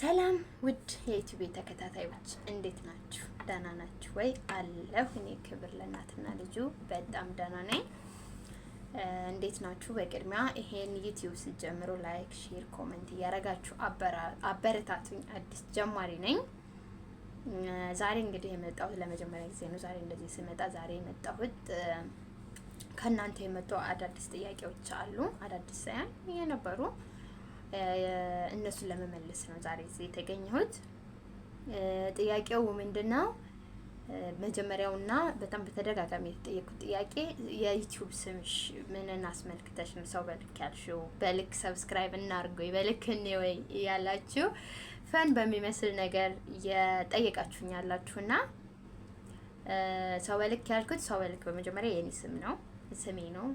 ሰላም ውድ የዩቲዩብ ተከታታዮች እንዴት ናችሁ? ደህና ናችሁ ወይ? አለሁ እኔ ክብር ለእናትና ልጁ በጣም ደህና ነኝ። እንዴት ናችሁ? በቅድሚያ ይሄን ዩቲዩብ ስጀምሩ ላይክ፣ ሼር፣ ኮመንት እያደረጋችሁ አበረታቱኝ። አዲስ ጀማሪ ነኝ። ዛሬ እንግዲህ የመጣሁት ለመጀመሪያ ጊዜ ነው። ዛሬ እንደዚህ ስመጣ ዛሬ የመጣሁት ከእናንተ የመጡ አዳዲስ ጥያቄዎች አሉ። አዳዲስ ሳያን የነበሩ እነሱን ለመመለስ ነው ዛሬ እዚህ የተገኘሁት። ጥያቄው ምንድን ነው? መጀመሪያውና በጣም በተደጋጋሚ የተጠየቁት ጥያቄ የዩቲዩብ ስምሽ ምንን አስመልክተሽ ነው ሰው በልክ ያልሽው? በልክ ሰብስክራይብ እናርጎኝ በልክ እኔ ወይ እያላችሁ ፈን በሚመስል ነገር የጠየቃችሁኝ ያላችሁና ሰው በልክ ያልኩት ሰው በልክ በመጀመሪያ የኔ ስም ነው ስሜ ነው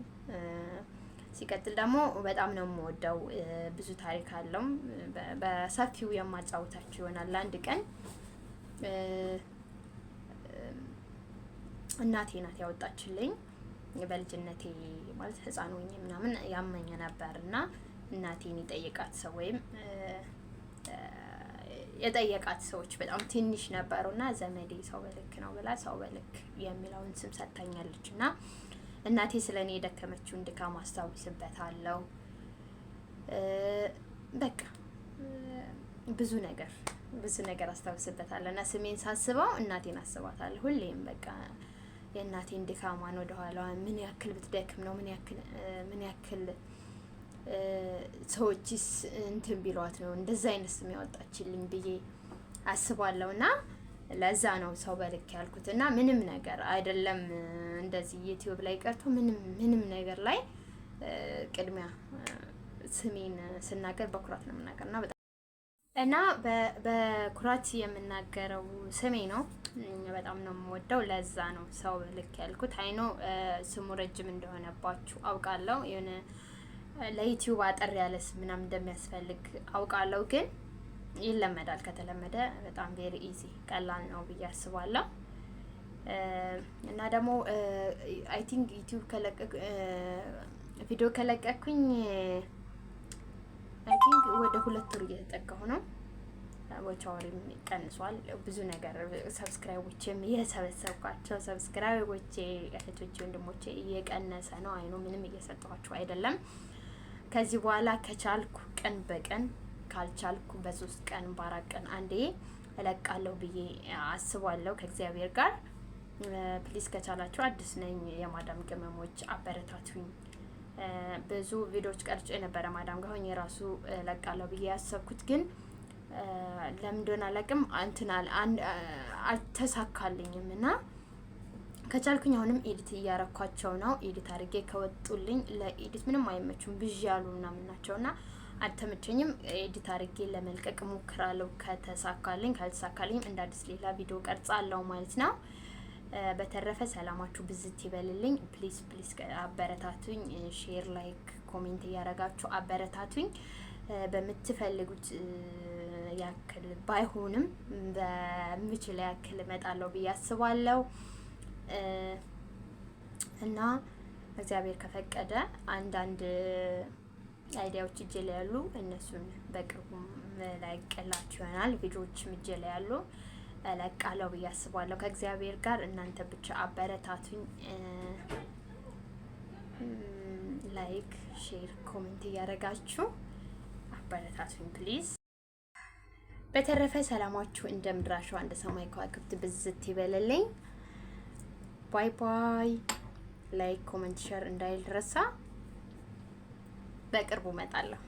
ሲቀጥል ደግሞ በጣም ነው የምወደው። ብዙ ታሪክ አለው። በሰፊው የማጫወታችሁ ይሆናል ለአንድ ቀን። እናቴ ናት ያወጣችልኝ። በልጅነቴ ማለት ሕፃን ሆኜ ምናምን ያመኝ ነበር እና እናቴን የጠየቃት ሰው ወይም የጠየቃት ሰዎች በጣም ትንሽ ነበሩ እና ዘመዴ ሰው በልክ ነው ብላ ሰው በልክ የሚለውን ስም ሰጥታኛለች እና እናቴ ስለ እኔ የደከመችውን ድካም አስታውስበታለሁ። በቃ ብዙ ነገር ብዙ ነገር አስታውስበታለሁ እና ስሜን ሳስበው እናቴን አስባታለሁ ሁሌም በቃ የእናቴን ድካሟን ወደኋላ ምን ያክል ብትደክም ነው ምን ያክል ሰዎችስ እንትን ቢሏት ነው እንደዛ አይነት ስም ያወጣችልኝ ብዬ አስባለሁ እና ለዛ ነው ሰው በልክ ያልኩት እና ምንም ነገር አይደለም እንደዚህ ዩቲዩብ ላይ ቀርቶ ምንም ምንም ነገር ላይ ቅድሚያ ስሜን ስናገር በኩራት ነው የምናገር እና በጣም እና በኩራት የምናገረው ስሜ ነው። በጣም ነው የምወደው። ለዛ ነው ሰው ልክ ያልኩት። አይኖ ስሙ ረጅም እንደሆነባችሁ አውቃለሁ። የሆነ ለዩቲዩብ አጠር ያለ ስም ምናምን እንደሚያስፈልግ አውቃለሁ ግን ይለመዳል። ከተለመደ በጣም ቬሪ ኢዚ ቀላል ነው ብዬ አስባለሁ። እና ደግሞ አይ ቲንክ ዩቲዩብ ከለቀቅ ቪዲዮ ከለቀኩኝ አይ ቲንክ ወደ ሁለት ወር እየተጠቀሁ ነው። ቦቻወሪም ቀንሷል። ብዙ ነገር ሰብስክራይቦችም እየሰበሰብኳቸው ሰብስክራይቦቼ እህቶቼ፣ ወንድሞቼ እየቀነሰ ነው። አይኖ ምንም እየሰጠኋቸው አይደለም። ከዚህ በኋላ ከቻልኩ ቀን በቀን ካልቻልኩ በሶስት ቀን በአራት ቀን አንዴ እለቃለሁ ብዬ አስባለሁ ከእግዚአብሔር ጋር። ፕሊስ ከቻላችሁ አዲስ ነኝ የማዳም ቅመሞች አበረታቱኝ። ብዙ ቪዲዮዎች ቀርጮ የነበረ ማዳም ጋር ሆኜ የራሱ እለቃለሁ ብዬ ያሰብኩት ግን ለምንድን አላውቅም እንትናል አልተሳካልኝም እና ከቻልኩኝ አሁንም ኤዲት እያረኳቸው ነው። ኤዲት አድርጌ ከወጡልኝ ለኤዲት ምንም አይመቹም ብዥ ያሉ ምናምን ናቸው እና አልተመቸኝም። ኤዲት አድርጌ ለመልቀቅ ሞክራለሁ። ከተሳካልኝ፣ ካልተሳካልኝ እንደ አዲስ ሌላ ቪዲዮ ቀርጻለሁ ማለት ነው። በተረፈ ሰላማችሁ ብዝት ይበልልኝ። ፕሊዝ ፕሊዝ አበረታቱኝ። ሼር፣ ላይክ፣ ኮሜንት እያደረጋችሁ አበረታቱኝ። በምትፈልጉት ያክል ባይሆንም በምችል ያክል እመጣለሁ ብዬ አስባለሁ እና እግዚአብሔር ከፈቀደ አንዳንድ አይዲያዎች እጄ ላይ ያሉ እነሱን በቅርቡ ላይቀላችሁ ይሆናል። ቪዲዮዎችም እጄ ላይ ያሉ እለቃለሁ ብዬ አስባለሁ። ከእግዚአብሔር ጋር እናንተ ብቻ አበረታቱኝ። ላይክ፣ ሼር፣ ኮሜንት እያደረጋችሁ አበረታቱኝ ፕሊዝ። በተረፈ ሰላማችሁ እንደ ምድራሸዋ እንደ ሰማይ ከዋክብት ብዝት ይበለልኝ። ባይ ባይ። ላይክ ኮመንት ሸር እንዳይረሳ። በቅርቡ እመጣለሁ።